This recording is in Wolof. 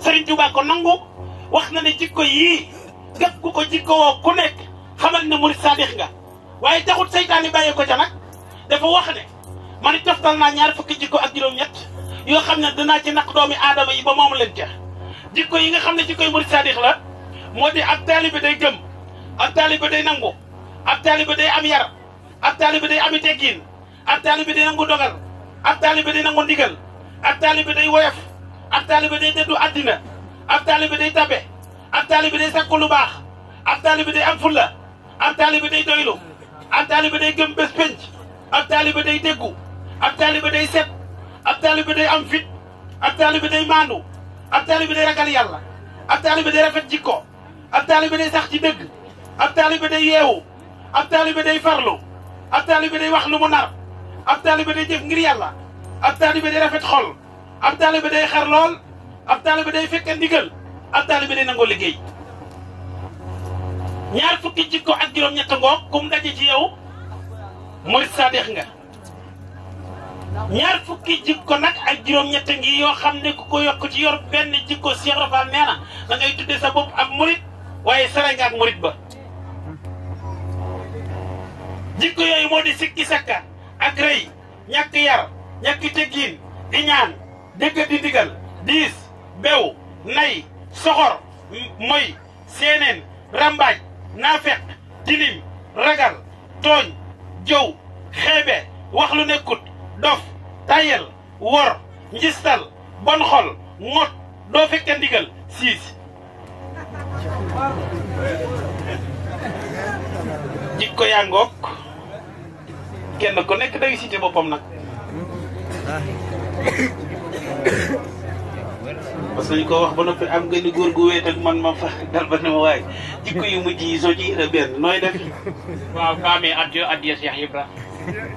Serigne Touba ko nangou wax na ne jikko yi gep ku ko jikko ku nek, xamal ne mourid sadikh nga waye taxut seytaane baye ko ca nak dafa wax ne man toftal na ñaar fukki jikko ak juroom ñet yo xamne dana ci nak doomi adama yi ba mom leen ca jikko yi nga xamne ne jikkoy murid la modi di talib bede day gem ak talib day nangou ak talib day am yar ak talib day am teggiin ak talib day nangou dogal ak talib day nangou ndigal ak talib day woyof ab taalibe day dëddu àddina ab taalibe day tabe ab taalibe day sakku lu baax ab taalibe day am fulla ab taalibe day doylu ab taalibe day gëm bés penc ab taalibe day déggu ab taalibe day set ab taalibe day am fit ab taalibe day maandu ab taalibe day ragal yàlla ab taalibe day rafet jikko ab taalibe day sax ci dëgg ab taalibe day yeewu ab taalibe day farlu ab taalibe day wax lu mu nar ab taalibe day jëf ngir yàlla ab taalibe day rafet xol ab talibé day xar lol ab talibé day fekké ndigal ab talibé day nango liggéey ñaar fukki jikko ak juroom ñett ngoog kum dajé ci yow murit sadex nga ñaar fukki jikko nak ak juroom ñett ngi yo xamné ku ko yok ci yor benn jikko Cheikh rafa nee da ngay tuddé sa bop ab murit waye sare nga ak mourid ba jikko yoy modi sikki sakka ak reey ñak yar ñak di ñaan dégg di digal diis bew nay soxor moy seeneen rambaaj naafeq tilim ragal tooñ jëw xeebe wax lu nekkut dof tayel wor njistal bon xol mot doo fekke ndigal siis jikko yaa ngoog kenn ku nekk day cité boppam nag parce que ñu ko wax ba noppi am nga ni gu weet man ma fa dal ba ne waaye jikko yu mujj yi soo ci ira benn nooy def waaw kaamee addiyo addiyo Cheikh Ibra